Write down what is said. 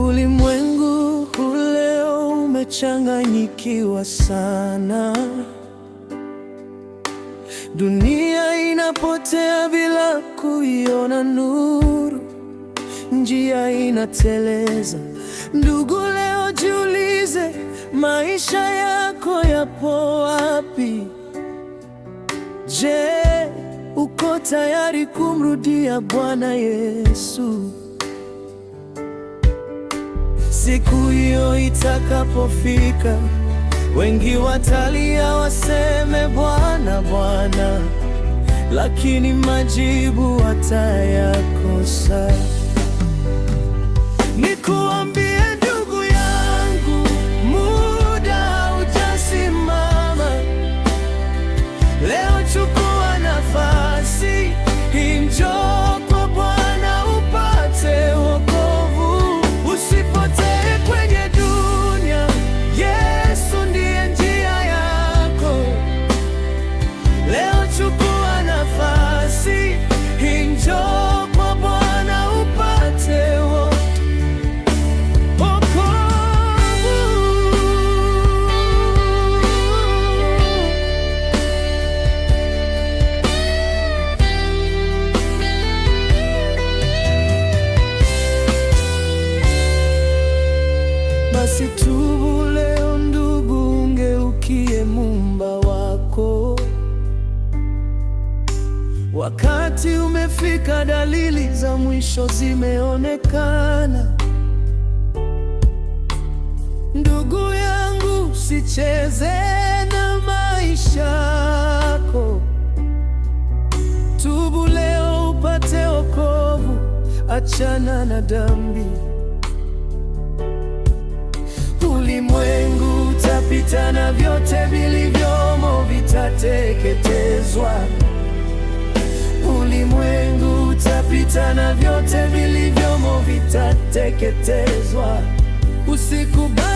Ulimwengu huleo umechanganyikiwa sana, dunia inapotea bila kuiona nuru, njia inateleza. Ndugu, leo jiulize, maisha yako yapo wapi? Je, uko tayari kumrudia Bwana Yesu? Siku hiyo itakapofika, wengi watalia waseme, Bwana, Bwana, lakini majibu watayakosa. Nikuambia Basi leo ndugu, ungeukie mumba wako. Wakati umefika, dalili za mwisho zimeonekana. Ndugu yangu, usicheze na maisha yako. Tubu leo upate wokovu, achana na dhambi. vyote vilivyomo vitateketezwa, ulimwengu utapita na vyote vilivyomo vitateketezwa. Usikubali